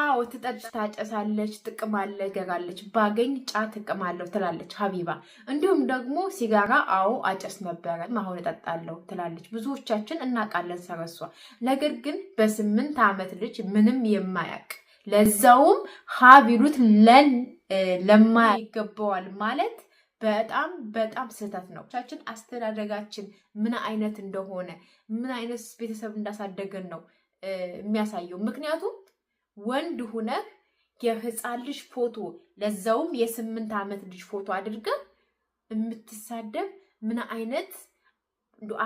አዎ ትጠጭ ታጨሳለች፣ ጥቅማለች፣ ገጋለች ባገኝ ጫት ጥቅማለሁ ትላለች ሀቢባ። እንዲሁም ደግሞ ሲጋራ አዎ አጨስ ነበረ አሁን እጠጣለሁ ትላለች። ብዙዎቻችን እናውቃለን ሰረሷ። ነገር ግን በስምንት ዓመት ልጅ ምንም የማያውቅ ለዛውም ሀቢሉት ለን ለማ ይገባዋል ማለት በጣም በጣም ስህተት ነው። ቻችን አስተዳደጋችን ምን አይነት እንደሆነ ምን አይነት ቤተሰብ እንዳሳደገን ነው የሚያሳየው ምክንያቱም ወንድ ሁነህ የህፃን ልጅ ፎቶ ለዛውም የስምንት ዓመት ልጅ ፎቶ አድርገህ የምትሳደብ ምን አይነት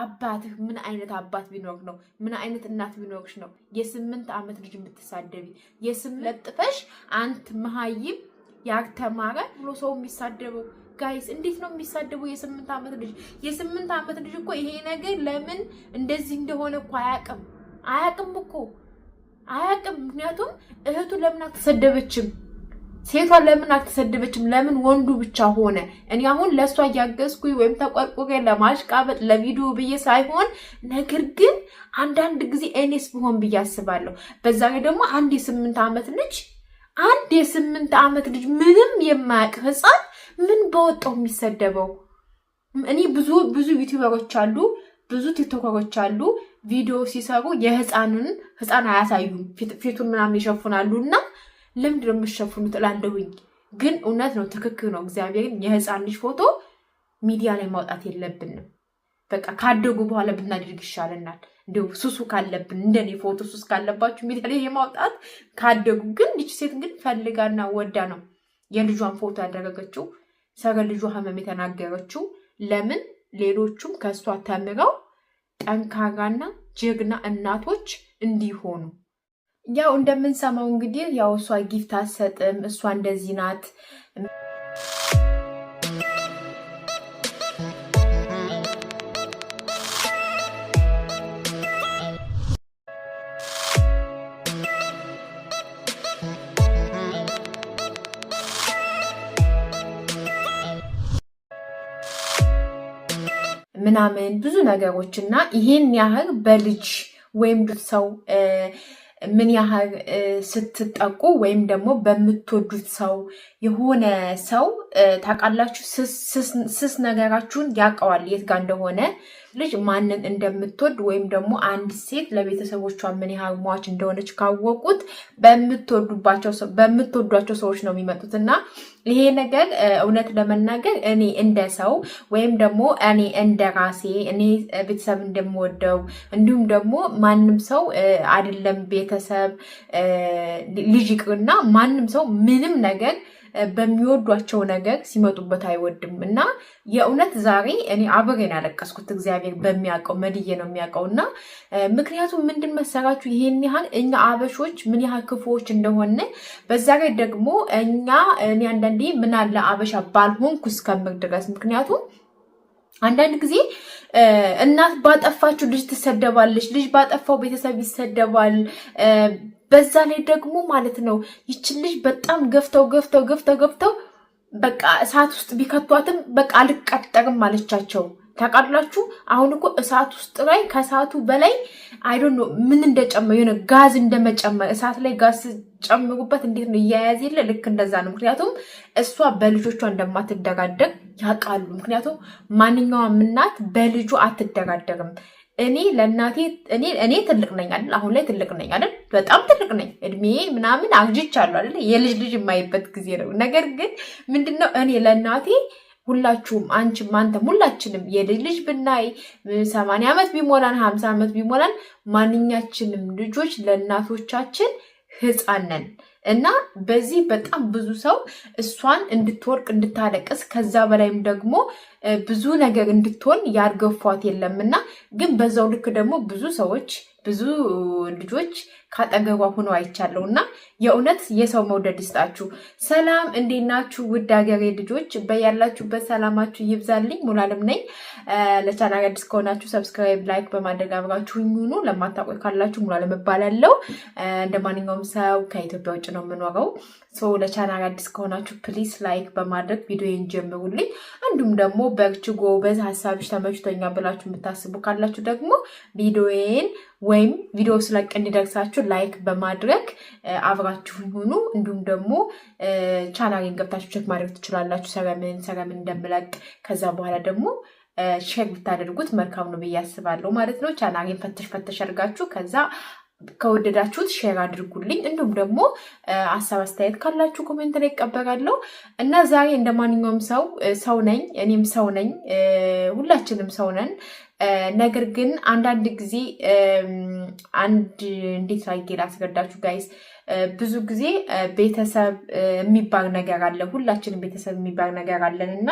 አባትህ ምን አይነት አባት ቢኖርህ ነው? ምን አይነት እናት ቢኖርሽ ነው የስምንት ዓመት ልጅ የምትሳደቢ? የስም ለጥፈሽ አንት መሀይም ያልተማረ ብሎ ሰው የሚሳደበው ጋይስ እንዴት ነው የሚሳደቡ? የስምንት ዓመት ልጅ የስምንት ዓመት ልጅ እኮ ይሄ ነገር ለምን እንደዚህ እንደሆነ እኮ አያቅም አያቅም እኮ አያውቅም። ምክንያቱም እህቱ ለምን አልተሰደበችም? ሴቷ ለምን አልተሰደበችም? ለምን ወንዱ ብቻ ሆነ? እኔ አሁን ለእሷ እያገዝኩ ወይም ተቆርቁሬ ለማሽቃበጥ ለቪዲዮ ብዬ ሳይሆን ነገር ግን አንዳንድ ጊዜ እኔስ ብሆን ብዬ አስባለሁ። በዛ ላይ ደግሞ አንድ የስምንት ዓመት ልጅ አንድ የስምንት ዓመት ልጅ ምንም የማያውቅ ህፃን ምን በወጣው የሚሰደበው? እኔ ብዙ ብዙ ዩቲዩበሮች አሉ ብዙ ቲክቶከሮች አሉ ቪዲዮ ሲሰሩ የህፃንን ህፃን አያሳዩም፣ ፊቱን ምናምን ይሸፉናሉ። እና ለምንድን ነው የምሸፍኑት እላለሁኝ። ግን እውነት ነው፣ ትክክል ነው። እግዚአብሔርን የህፃን ልጅ ፎቶ ሚዲያ ላይ ማውጣት የለብንም። በቃ ካደጉ በኋላ ብናደርግ ይሻለናል። እንዲሁ ሱሱ ካለብን እንደኔ ፎቶ ሱስ ካለባችሁ ሚዲያ ላይ የማውጣት ካደጉ ግን ልጅ ሴት ግን ፈልጋና ወዳ ነው የልጇን ፎቶ ያደረገችው፣ ሰረ ልጇ ህመም የተናገረችው ለምን ሌሎቹም ከእሷ ተምረው ጠንካራና ጀግና እናቶች እንዲሆኑ ያው እንደምንሰማው እንግዲህ ያው እሷ ጊፍት አትሰጥም፣ እሷ እንደዚህ ናት። ምናምን ብዙ ነገሮች እና ይሄን ያህል በልጅ ወይም ሰው ምን ያህል ስትጠቁ ወይም ደግሞ በምትወዱት ሰው የሆነ ሰው ታውቃላችሁ፣ ስስ ነገራችሁን ያውቀዋል የት ጋር እንደሆነ ልጅ ማንን እንደምትወድ ወይም ደግሞ አንድ ሴት ለቤተሰቦቿ ምን ያህል ሟች እንደሆነች ካወቁት በምትወዷቸው ሰዎች ነው የሚመጡት። እና ይሄ ነገር እውነት ለመናገር እኔ እንደ ሰው ወይም ደግሞ እኔ እንደ ራሴ እኔ ቤተሰብ እንደምወደው እንዲሁም ደግሞ ማንም ሰው አይደለም ቤተሰብ ልጅ ይቅርና ማንም ሰው ምንም ነገር በሚወዷቸው ነገር ሲመጡበት አይወድም እና የእውነት ዛሬ እኔ አብሬን ያለቀስኩት እግዚአብሔር በሚያውቀው መድዬ ነው የሚያውቀው። እና ምክንያቱም ምንድን መሰራችሁ ይሄን ያህል እኛ አበሾች ምን ያህል ክፉዎች እንደሆነ በዛ ላይ ደግሞ እኛ እኔ አንዳንዴ ምናለ አበሻ ባልሆንኩ እስከምር ድረስ ምክንያቱም አንዳንድ ጊዜ እናት ባጠፋችሁ ልጅ ትሰደባለች፣ ልጅ ባጠፋው ቤተሰብ ይሰደባል። በዛ ላይ ደግሞ ማለት ነው ይችን ልጅ በጣም ገፍተው ገፍተው ገፍተው ገፍተው በቃ እሳት ውስጥ ቢከቷትም በቃ አልቀጠቅም አለቻቸው። ታውቃላችሁ አሁን እኮ እሳት ውስጥ ላይ ከእሳቱ በላይ አይዶ ምን እንደጨመ የሆነ ጋዝ እንደመጨመር እሳት ላይ ጋዝ ጨምሩበት እንዴት ነው እያያዝ የለ ልክ እንደዛ ነው። ምክንያቱም እሷ በልጆቿ እንደማትደጋደግ ያውቃሉ። ምክንያቱም ማንኛውም እናት በልጁ አትደጋደግም። እኔ ለእናቴ እኔ ትልቅ ነኝ አይደል? አሁን ላይ ትልቅ ነኝ አይደል? በጣም ትልቅ ነኝ። እድሜ ምናምን አግጅቻለሁ አይደል? የልጅ ልጅ የማይበት ጊዜ ነው። ነገር ግን ምንድነው እኔ ለእናቴ ሁላችሁም አንቺም አንተም ሁላችንም የልጅ ልጅ ብናይ ሰማንያ ዓመት ቢሞላን ሀምሳ ዓመት ቢሞላን ማንኛችንም ልጆች ለእናቶቻችን ህፃን ነን። እና በዚህ በጣም ብዙ ሰው እሷን እንድትወርቅ እንድታለቅስ ከዛ በላይም ደግሞ ብዙ ነገር እንድትሆን ያርገፏት የለም እና ግን በዛው ልክ ደግሞ ብዙ ሰዎች ብዙ ልጆች ካጠገቧ ሆኖ አይቻለው እና የእውነት የሰው መውደድ ይስጣችሁ። ሰላም እንዴት ናችሁ? ውድ ሀገሬ ልጆች በያላችሁበት ሰላማችሁ ይብዛልኝ። ሙሉዓለም ነኝ። ለቻናል አዲስ ከሆናችሁ ሰብስክራይብ፣ ላይክ በማድረግ አብራችሁ ሁኑ። ለማታውቁ ካላችሁ ሙሉዓለም እባላለሁ። እንደ ማንኛውም ሰው ከኢትዮጵያ ውጭ ነው የምኖረው። ለቻናል አዲስ ከሆናችሁ ፕሊስ ላይክ በማድረግ ቪዲዮን ጀምሩልኝ። እንዲሁም ደግሞ በርቺ፣ ጎበዝ፣ ሀሳብሽ ተመችቶኛል ብላችሁ የምታስቡ ካላችሁ ደግሞ ቪዲዮዬን ወይም ቪዲዮ ስለቅ እንዲደርሳችሁ ላይክ በማድረግ አብራችሁን ሁኑ። እንዲሁም ደግሞ ቻናሌን ገብታችሁ ቼክ ማድረግ ትችላላችሁ፣ ሰረምን ሰረምን እንደምለቅ ከዛ በኋላ ደግሞ ሼር ብታደርጉት መልካም ነው ብዬ አስባለሁ ማለት ነው። ቻናሌን ፈተሽ ፈተሽ አድርጋችሁ ከዛ ከወደዳችሁት ሼር አድርጉልኝ። እንዲሁም ደግሞ ሀሳብ አስተያየት ካላችሁ ኮሜንት ላይ ይቀበላለሁ እና ዛሬ እንደ ማንኛውም ሰው ሰው ነኝ፣ እኔም ሰው ነኝ፣ ሁላችንም ሰው ነን። ነገር ግን አንዳንድ ጊዜ አንድ እንዴት አድርጌ ላስረዳችሁ ጋይስ፣ ብዙ ጊዜ ቤተሰብ የሚባል ነገር አለ። ሁላችንም ቤተሰብ የሚባል ነገር አለን እና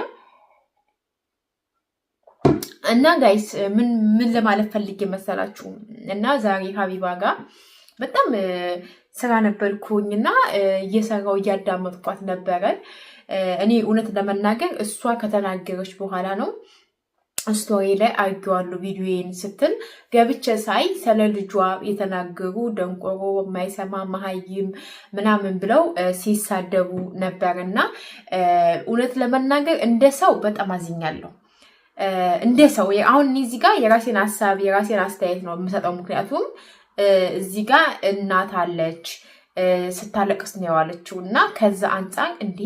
እና ጋይስ ምን ምን ለማለት ፈልጌ መሰላችሁ እና ዛሬ ሀቢባ ጋር በጣም ስራ ነበርኩኝ እና እየሰራው እያዳመጥኳት ነበረ። እኔ እውነት ለመናገር እሷ ከተናገረች በኋላ ነው ስቶሪ ላይ አርጊዋሉ ቪዲዮን ስትል ገብቼ ሳይ ስለ ልጇ የተናገሩ ደንቆሮ፣ የማይሰማ መሀይም ምናምን ብለው ሲሳደቡ ነበር እና እውነት ለመናገር እንደ ሰው በጣም አዝኛለሁ። እንደ ሰው አሁን እዚህ ጋር የራሴን ሀሳብ የራሴን አስተያየት ነው የምሰጠው። ምክንያቱም እዚህ ጋር እናት አለች ስታለቅስ ነው የዋለችው እና ከዛ አንጻር እንዴ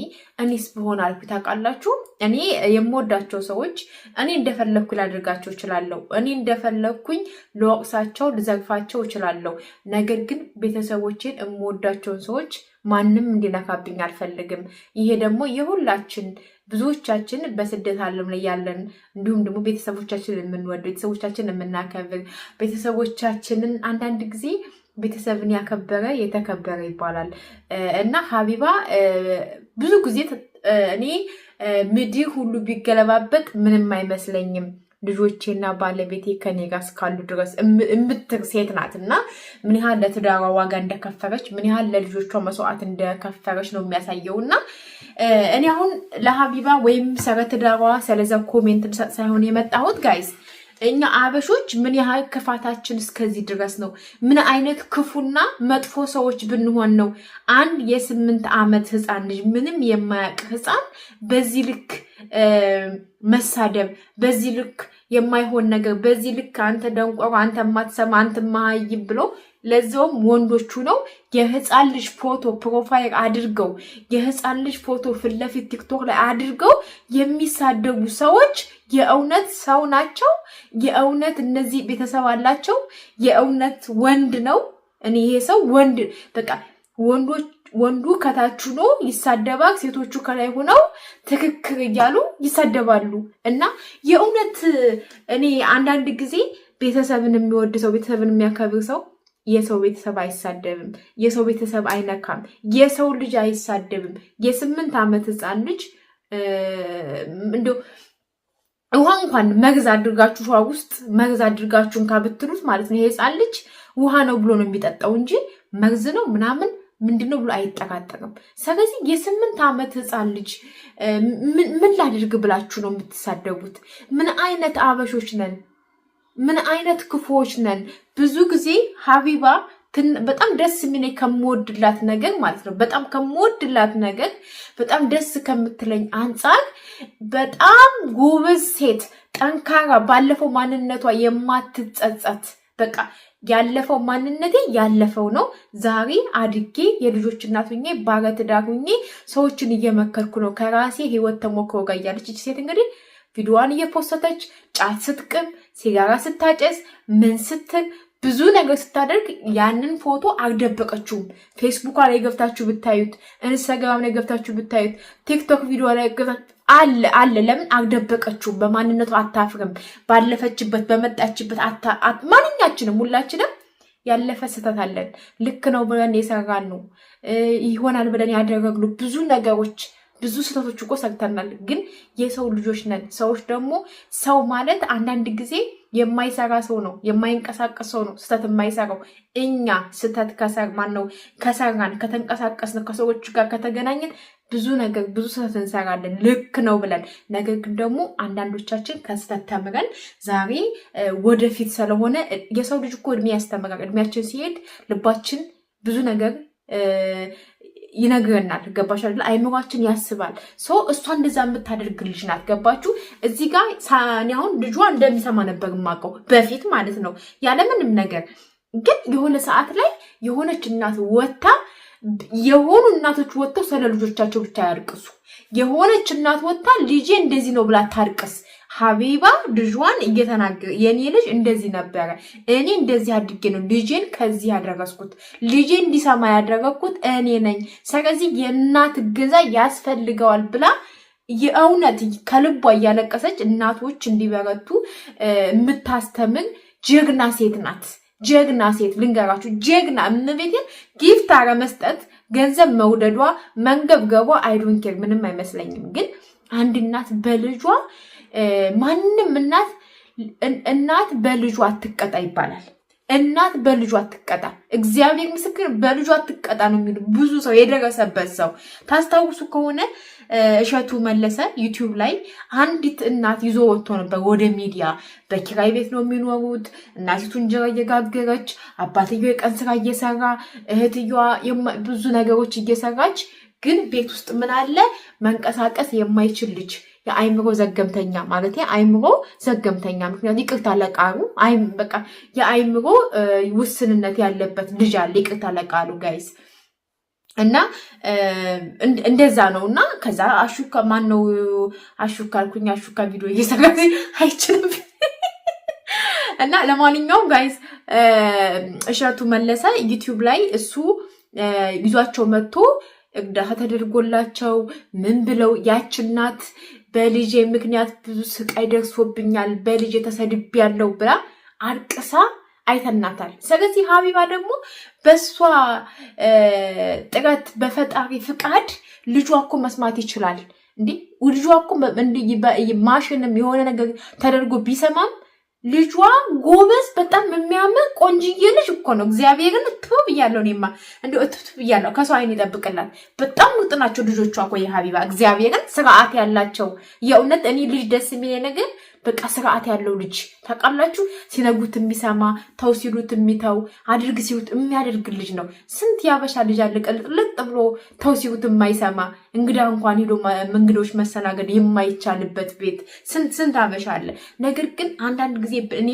እኔስ ብሆን አልኩ። ታውቃላችሁ እኔ የምወዳቸው ሰዎች እኔ እንደፈለግኩ ላደርጋቸው እችላለሁ። እኔ እንደፈለግኩኝ ልወቅሳቸው፣ ልዘግፋቸው እችላለሁ። ነገር ግን ቤተሰቦቼን የምወዳቸውን ሰዎች ማንም እንዲነካብኝ አልፈልግም። ይሄ ደግሞ የሁላችን ብዙዎቻችን በስደት ዓለም ላይ ያለን እንዲሁም ደግሞ ቤተሰቦቻችን የምንወድ ቤተሰቦቻችን የምናከብር ቤተሰቦቻችንን አንዳንድ ጊዜ ቤተሰብን ያከበረ የተከበረ ይባላል እና ሀቢባ ብዙ ጊዜ እኔ ምድር ሁሉ ቢገለባበጥ ምንም አይመስለኝም ልጆቼና ባለቤቴ ከኔ ጋር እስካሉ ድረስ የምትር ሴት ናት እና ምን ያህል ለትዳሯ ዋጋ እንደከፈረች ምን ያህል ለልጆቿ መስዋዕት እንደከፈረች ነው የሚያሳየው። እና እኔ አሁን ለሀቢባ ወይም ስለ ትዳሯ ስለዛ ኮሜንት ሳይሆን የመጣሁት ጋይስ እኛ አበሾች ምን ያህል ክፋታችን እስከዚህ ድረስ ነው? ምን አይነት ክፉና መጥፎ ሰዎች ብንሆን ነው አንድ የስምንት ዓመት ህፃን ልጅ ምንም የማያውቅ ህፃን በዚህ ልክ መሳደብ፣ በዚህ ልክ የማይሆን ነገር፣ በዚህ ልክ አንተ ደንቆሮ፣ አንተ ማትሰማ፣ አንተ ማይም ብሎ ለዚውም ወንዶቹ ነው የህፃን ልጅ ፎቶ ፕሮፋይል አድርገው የህፃን ልጅ ፎቶ ፊት ለፊት ቲክቶክ ላይ አድርገው የሚሳደቡ ሰዎች የእውነት ሰው ናቸው፣ የእውነት እነዚህ ቤተሰብ አላቸው፣ የእውነት ወንድ ነው። እኔ ይሄ ሰው ወንድ በቃ ወንዶች ወንዱ ከታች ሆኖ ይሳደባል፣ ሴቶቹ ከላይ ሆነው ትክክል እያሉ ይሳደባሉ። እና የእውነት እኔ አንዳንድ ጊዜ ቤተሰብን የሚወድ ሰው ቤተሰብን የሚያከብር ሰው የሰው ቤተሰብ አይሳደብም፣ የሰው ቤተሰብ አይነካም፣ የሰው ልጅ አይሳደብም። የስምንት ዓመት ህፃን ልጅ እንዲ ውሃ እንኳን መግዝ አድርጋችሁ ውሃ ውስጥ መግዝ አድርጋችሁ እንካ ብትሉት ማለት ነው። ይሄ ህፃን ልጅ ውሃ ነው ብሎ ነው የሚጠጣው እንጂ መግዝ ነው ምናምን ምንድን ነው ብሎ አይጠቃጠቅም። ስለዚህ የስምንት ዓመት ህፃን ልጅ ምን ላድርግ ብላችሁ ነው የምትሳደቡት? ምን አይነት አበሾች ነን? ምን አይነት ክፉዎች ነን? ብዙ ጊዜ ሀቢባ በጣም ደስ የሚለኝ ከምወድላት ነገር ማለት ነው። በጣም ከምወድላት ነገር በጣም ደስ ከምትለኝ አንጻር በጣም ጎበዝ ሴት፣ ጠንካራ፣ ባለፈው ማንነቷ የማትጸጸት በቃ ያለፈው ማንነቴ ያለፈው ነው። ዛሬ አድጌ የልጆች እናት ሁኜ ባለትዳር ሁኜ ሰዎችን እየመከርኩ ነው ከራሴ ህይወት ተሞክሮ ጋር እያለች ይቺ ሴት እንግዲህ ቪዲዮዋን እየፖሰተች ጫት ስትቅም ሲጋራ ስታጨስ ምን ስትል ብዙ ነገር ስታደርግ ያንን ፎቶ አልደበቀችውም። ፌስቡክ ላይ ገብታችሁ ብታዩት፣ ኢንስታግራም ላይ ገብታችሁ ብታዩት፣ ቲክቶክ ቪዲዮ ላይ አለ አለ። ለምን አልደበቀችውም? በማንነቱ አታፍርም። ባለፈችበት በመጣችበት ማንኛችንም ሁላችንም ያለፈ ስህተት አለን። ልክ ነው ብለን የሰራን ነው ይሆናል ብለን ያደረግሉ ብዙ ነገሮች ብዙ ስህተቶች እኮ ሰርተናል። ግን የሰው ልጆች ነን። ሰዎች ደግሞ ሰው ማለት አንዳንድ ጊዜ የማይሰራ ሰው ነው፣ የማይንቀሳቀስ ሰው ነው ስህተት የማይሰራው። እኛ ስህተት ከሰማን ነው ከሰራን ከተንቀሳቀስን ከሰዎች ጋር ከተገናኘን ብዙ ነገር ብዙ ስህተት እንሰራለን ልክ ነው ብለን። ነገር ግን ደግሞ አንዳንዶቻችን ከስህተት ተምረን ዛሬ ወደፊት ስለሆነ የሰው ልጅ እኮ እድሜ ያስተምራል። እድሜያችን ሲሄድ ልባችን ብዙ ነገር ይነግረናል። ገባሽ አይደል? አይምሯችን ያስባል። ሶ እሷ እንደዛ የምታደርግ ልጅ ናት። ገባችሁ? እዚህ ጋር ሳኒ አሁን ልጇ እንደሚሰማ ነበር የማውቀው በፊት ማለት ነው ያለምንም ነገር ግን የሆነ ሰዓት ላይ የሆነች እናት ወታ የሆኑ እናቶች ወጥተው ስለ ልጆቻቸው ብቻ ያርቅሱ። የሆነች እናት ወጥታ ልጄ እንደዚህ ነው ብላ ታርቅስ። ሀቢባ ልጇን እየተናገረ የኔ ልጅ እንደዚህ ነበረ፣ እኔ እንደዚህ አድጌ ነው ልጄን ከዚህ ያደረስኩት፣ ልጄ እንዲሰማ ያደረግኩት እኔ ነኝ። ስለዚህ የእናት እገዛ ያስፈልገዋል ብላ የእውነት ከልቧ እያለቀሰች እናቶች እንዲበረቱ የምታስተምር ጀግና ሴት ናት። ጀግና ሴት ልንገራችሁ፣ ጀግና እመቤቴን ጊፍት አረ መስጠት ገንዘብ መውደዷ መንገብገቧ አይዶንኬር ምንም አይመስለኝም። ግን አንድ እናት በልጇ ማንም እናት እናት በልጇ አትቀጣ ይባላል። እናት በልጇ አትቀጣ፣ እግዚአብሔር ምስክር በልጇ አትቀጣ ነው የሚሉ ብዙ ሰው የደረሰበት ሰው። ታስታውሱ ከሆነ እሸቱ መለሰ ዩቲዩብ ላይ አንዲት እናት ይዞ ወጥቶ ነበር ወደ ሚዲያ። በኪራይ ቤት ነው የሚኖሩት። እናቲቱ እንጀራ እየጋገረች፣ አባትየው የቀን ስራ እየሰራ፣ እህትየዋ ብዙ ነገሮች እየሰራች፣ ግን ቤት ውስጥ ምን አለ መንቀሳቀስ የማይችል ልጅ የአይምሮ ዘገምተኛ ማለት አይምሮ ዘገምተኛ፣ ምክንያቱ ይቅርታ ለቃሉ በቃ የአይምሮ ውስንነት ያለበት ልጅ አለ። ይቅርታ ለቃሉ ጋይስ እና እንደዛ ነው። እና ከዛ አሹካ ማን ነው አሹካ አልኩኝ። አሹካ ቪዲዮ እየሰራ አይችልም። እና ለማንኛውም ጋይዝ እሸቱ መለሰ ዩቲዩብ ላይ እሱ ይዟቸው መጥቶ እርዳታ ተደርጎላቸው ምን ብለው ያች እናት በልጄ ምክንያት ብዙ ስቃይ ደርሶብኛል፣ በልጄ ያለው ብላ አልቅሳ አይተናታል። ስለዚህ ሀቢባ ደግሞ በእሷ ጥረት በፈጣሪ ፍቃድ ልጇ እኮ መስማት ይችላል። እንዲህ ልጇ እኮ ማሽንም የሆነ ነገር ተደርጎ ቢሰማም ልጇ ጎበዝ፣ በጣም የሚያምር ቆንጅዬ ልጅ እኮ ነው። እግዚአብሔርን እትብ ብያለሁ እኔማ እንዲ እትብት ብያለሁ። ከሰው አይን ይጠብቅላል። በጣም ምርጥ ናቸው ልጆቿ እኮ ሀቢባ እግዚአብሔርን ስርዓት ያላቸው የእውነት እኔ ልጅ ደስ የሚል ነገር በቃ ስርዓት ያለው ልጅ ታውቃላችሁ። ሲነጉት የሚሰማ ተው ሲሉት የሚተው አድርግ ሲሉት የሚያደርግ ልጅ ነው። ስንት ያበሻ ልጅ አለ ቀልጥልጥ ብሎ ተው ሲሉት የማይሰማ እንግዳ እንኳን ሄዶ እንግዶች መሰናገድ የማይቻልበት ቤት ስንት ስንት አበሻ አለ። ነገር ግን አንዳንድ ጊዜ እኔ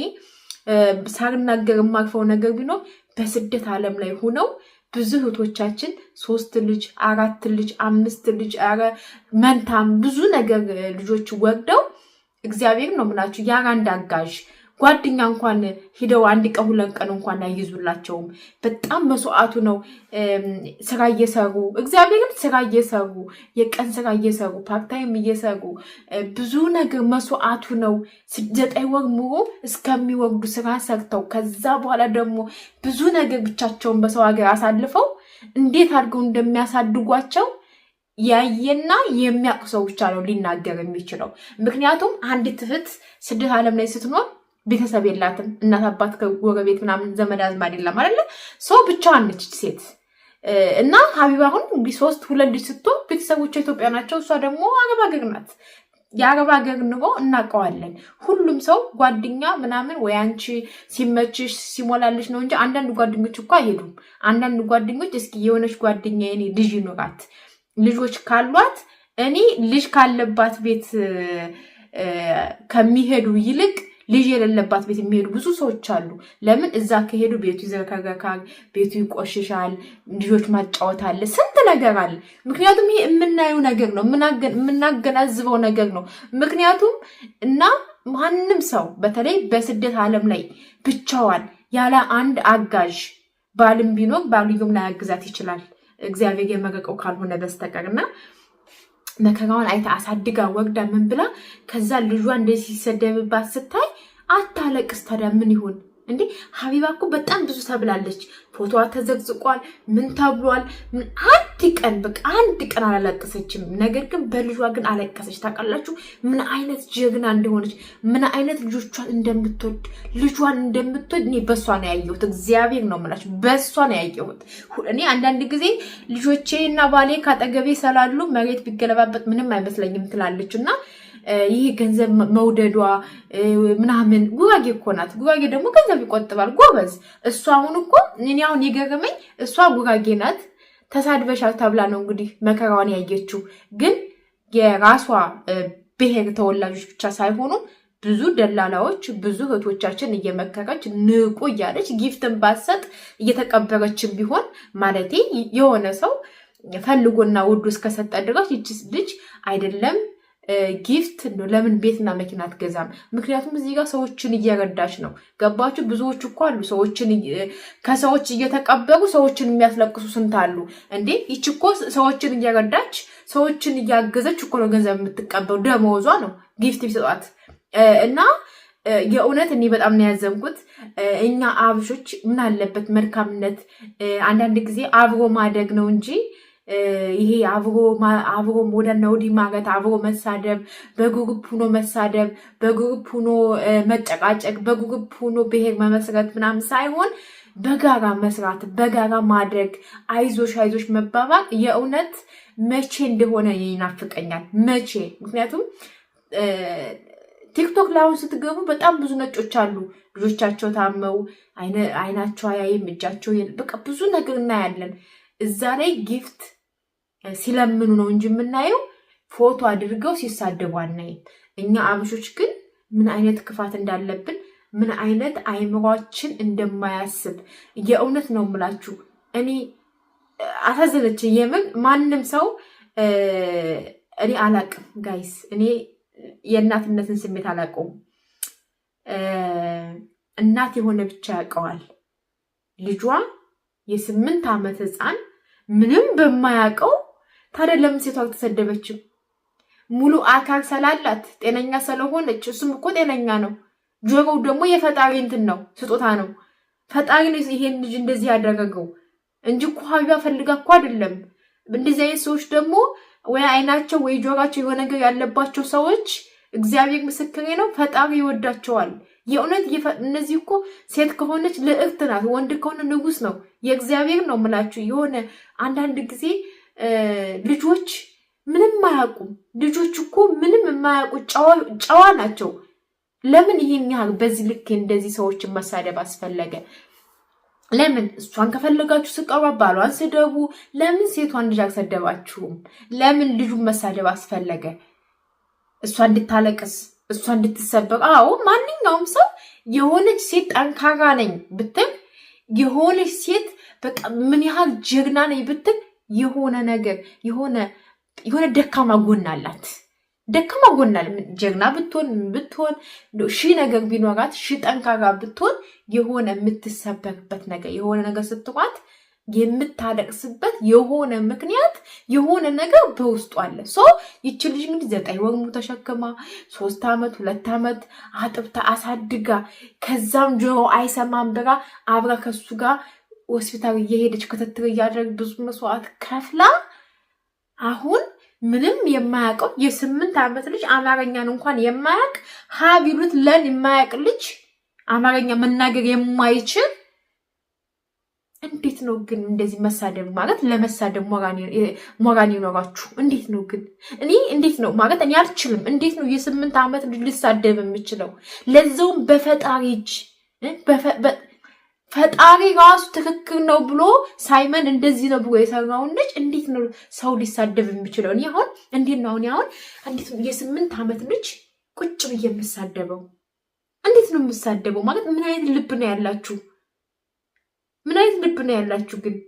ሳልናገር የማርፈው ነገር ቢኖር በስደት ዓለም ላይ ሆነው ብዙ እህቶቻችን ሶስት ልጅ አራት ልጅ አምስት ልጅ መንታም ብዙ ነገር ልጆች ወልደው እግዚአብሔር ነው ምላችሁ ያር አንድ አጋዥ ጓደኛ እንኳን ሂደው አንድ ቀን ሁለት ቀን እንኳን አይይዙላቸውም። በጣም መስዋዕቱ ነው። ስራ እየሰሩ እግዚአብሔርም ስራ እየሰሩ የቀን ስራ እየሰሩ ፓርታይም እየሰሩ ብዙ ነገር መስዋዕቱ ነው። ዘጠኝ ወር ሙሉ እስከሚወርዱ ስራ ሰርተው ከዛ በኋላ ደግሞ ብዙ ነገር ብቻቸውን በሰው ሀገር አሳልፈው እንዴት አድርገው እንደሚያሳድጓቸው ያየና የሚያውቅ ሰው ብቻ ነው ሊናገር የሚችለው። ምክንያቱም አንዲት እህት ስደት ዓለም ላይ ስትኖር ቤተሰብ የላትም። እናት አባት፣ ጎረቤት ምናምን ዘመድ አዝማድ የለም አይደለ? ሰው ብቻዋን ነች ሴት እና ሀቢባ አሁን እንግዲህ ሶስት ሁለት ልጅ ስትሆን ቤተሰቦቿ ኢትዮጵያ ናቸው። እሷ ደግሞ አረብ ሀገር ናት። የአረብ ሀገር ኑሮ እናውቀዋለን። ሁሉም ሰው ጓደኛ ምናምን ወይ አንቺ ሲመችሽ ሲሞላልሽ ነው እንጂ አንዳንድ ጓደኞች እኮ አይሄዱም። አንዳንድ ጓደኞች እስኪ የሆነች ጓደኛ የኔ ልጅ ይኑራት ልጆች ካሏት እኔ ልጅ ካለባት ቤት ከሚሄዱ ይልቅ ልጅ የሌለባት ቤት የሚሄዱ ብዙ ሰዎች አሉ። ለምን እዛ ከሄዱ ቤቱ ይዘረከረካል፣ ቤቱ ይቆሽሻል፣ ልጆች ማጫወት አለ፣ ስንት ነገር አለ። ምክንያቱም ይሄ የምናየው ነገር ነው፣ የምናገናዝበው ነገር ነው። ምክንያቱም እና ማንም ሰው በተለይ በስደት ዓለም ላይ ብቻዋን ያለ አንድ አጋዥ ባልም ቢኖር ባልዩም ላያግዛት ይችላል። እግዚአብሔር የመረቀው ካልሆነ በስተቀር እና መከራዋን አይታ አሳድጋ ወግዳ ምን ብላ ከዛ ልጇ እንደዚህ ሲሰደብባት ስታይ አታለቅስ። ታዲያ ምን ይሆን? እንዴ ሀቢባ እኮ በጣም ብዙ ተብላለች። ፎቶዋ ተዘግዝቋል። ምን ተብሏል? አንድ ቀን በቃ አንድ ቀን አላለቀሰችም። ነገር ግን በልጇ ግን አለቀሰች። ታውቃላችሁ ምን አይነት ጀግና እንደሆነች፣ ምን አይነት ልጆቿን እንደምትወድ ልጇን እንደምትወድ እኔ በእሷ ነው ያየሁት። እግዚአብሔር ነው የምላችሁ በእሷ ነው ያየሁት። እኔ አንዳንድ ጊዜ ልጆቼ እና ባሌ ካጠገቤ ስላሉ መሬት ቢገለባበት ምንም አይመስለኝም ትላለች እና ይሄ ገንዘብ መውደዷ ምናምን ጉራጌ እኮ ናት። ጉራጌ ደግሞ ገንዘብ ይቆጥባል ጎበዝ። እሷ አሁን እኮ እኔ አሁን የገረመኝ እሷ ጉራጌ ናት ተሳድበሻል ተብላ ነው እንግዲህ መከራዋን ያየችው። ግን የራሷ ብሔር ተወላጆች ብቻ ሳይሆኑ ብዙ ደላላዎች ብዙ እህቶቻችን እየመከረች ንቁ እያለች ጊፍትን ባሰጥ እየተቀበረችን ቢሆን ማለቴ የሆነ ሰው ፈልጎና ውዱ እስከሰጠ ድረስ ይችስ ልጅ አይደለም ጊፍት ለምን ቤትና መኪና አትገዛም? ምክንያቱም እዚህ ጋር ሰዎችን እየረዳች ነው። ገባችሁ? ብዙዎች እኮ አሉ ሰዎችን ከሰዎች እየተቀበሉ ሰዎችን የሚያስለቅሱ ስንት አሉ እንዴ! ይች እኮ ሰዎችን እየረዳች ሰዎችን እያገዘች እኮ ነው ገንዘብ የምትቀበሉ። ደመወዟ ነው ጊፍት ቢሰጧት እና የእውነት እኔ በጣም ነው ያዘንኩት። እኛ አብሾች ምን አለበት መልካምነት አንዳንድ ጊዜ አብሮ ማደግ ነው እንጂ ይሄ አብሮ ወደና ወዲህ ማለት አብሮ መሳደብ፣ በግሩፕ ሆኖ መሳደብ፣ በግሩፕ ሆኖ መጨቃጨቅ፣ በግሩፕ ሆኖ ብሔር መመስረት ምናምን ሳይሆን በጋራ መስራት፣ በጋራ ማድረግ፣ አይዞሽ አይዞሽ መባባል የእውነት መቼ እንደሆነ ይናፍቀኛል። መቼ ምክንያቱም ቲክቶክ ላይ አሁን ስትገቡ በጣም ብዙ ነጮች አሉ። ልጆቻቸው ታመው አይናቸው አያይም፣ እጃቸው በቃ ብዙ ነገር እናያለን እዛ ላይ ጊፍት ሲለምኑ ነው እንጂ የምናየው ፎቶ አድርገው ሲሳደቡ አናይም። እኛ አብሾች ግን ምን አይነት ክፋት እንዳለብን ምን አይነት አይምሯችን እንደማያስብ የእውነት ነው የምላችሁ። እኔ አሳዘነች የምን ማንም ሰው እኔ አላቅም ጋይስ፣ እኔ የእናትነትን ስሜት አላቀውም። እናት የሆነ ብቻ ያውቀዋል። ልጇ የስምንት ዓመት ህፃን ምንም በማያውቀው ታዲያ ለምን ሴቷ አልተሰደበችም? ሙሉ አካል ስላላት ጤነኛ ስለሆነች፣ እሱም እኮ ጤነኛ ነው። ጆሮው ደግሞ የፈጣሪ እንትን ነው፣ ስጦታ ነው። ፈጣሪ ነው ይሄን ልጅ እንደዚህ ያደረገው እንጂ እኮ ሀቢባ ፈልጋ እኮ አይደለም። እንደዚህ አይነት ሰዎች ደግሞ ወይ አይናቸው ወይ ጆሯቸው የሆነ ነገር ያለባቸው ሰዎች እግዚአብሔር ምስክሬ ነው፣ ፈጣሪ ይወዳቸዋል። የእውነት እነዚህ እኮ ሴት ከሆነች ልዕርት ናት፣ ወንድ ከሆነ ንጉስ ነው። የእግዚአብሔር ነው ምላችሁ የሆነ አንዳንድ ጊዜ ልጆች ምንም አያውቁም። ልጆች እኮ ምንም የማያውቁ ጨዋ ናቸው። ለምን ይህን ያህል በዚህ ልክ እንደዚህ ሰዎችን መሳደብ አስፈለገ? ለምን እሷን ከፈለጋችሁ ስቀሯ፣ ባሏን ስደቡ። ለምን ሴቷን ልጅ አልሰደባችሁም? ለምን ልጁን መሳደብ አስፈለገ? እሷ እንድታለቅስ እሷ እንድትሰበቅ። አዎ ማንኛውም ሰው የሆነች ሴት ጠንካራ ነኝ ብትል፣ የሆነች ሴት በቃ ምን ያህል ጀግና ነኝ ብትል የሆነ ነገር የሆነ የሆነ ደካማ ጎን አላት። ደካማ ጎን አለ። ጀግና ብትሆን ብትሆን ሺ ነገር ቢኖራት ሺ ጠንካራ ብትሆን የሆነ የምትሰበርበት ነገር የሆነ ነገር ስትቋት የምታለቅስበት የሆነ ምክንያት የሆነ ነገር በውስጡ አለ። ሶ ይቺ ልጅ እንግዲህ ዘጠኝ ወር ተሸክማ ሶስት ዓመት ሁለት ዓመት አጥብታ አሳድጋ ከዛም ጆሮ አይሰማም ብራ አብራ ከሱ ጋር ሆስፒታል እየሄደች ክትትል እያደረግ ብዙ መስዋዕት ከፍላ አሁን ምንም የማያውቀው የስምንት ዓመት ልጅ አማርኛን እንኳን የማያውቅ ሀቢሉት ለን የማያውቅ ልጅ አማርኛ መናገር የማይችል እንዴት ነው ግን እንደዚህ መሳደብ ማለት ለመሳደብ ሞራን ይኖራችሁ? እንዴት ነው ግን እኔ እንዴት ነው ማለት እኔ አልችልም። እንዴት ነው የስምንት ዓመት ልጅ ልሳደብ የምችለው? ለዛውም በፈጣሪ እጅ ፈጣሪ ራሱ ትክክል ነው ብሎ ሳይመን እንደዚህ ነው ብሎ የሰራውን ልጅ እንዴት ነው ሰው ሊሳደብ የሚችለው? እኔ አሁን እንዴት ነው እኔ አሁን እንዴት የስምንት ዓመት ልጅ ቁጭ ብዬ የምሳደበው? እንዴት ነው የምሳደበው? ማለት ምን አይነት ልብ ነው ያላችሁ? ምን አይነት ልብ ነው ያላችሁ ግን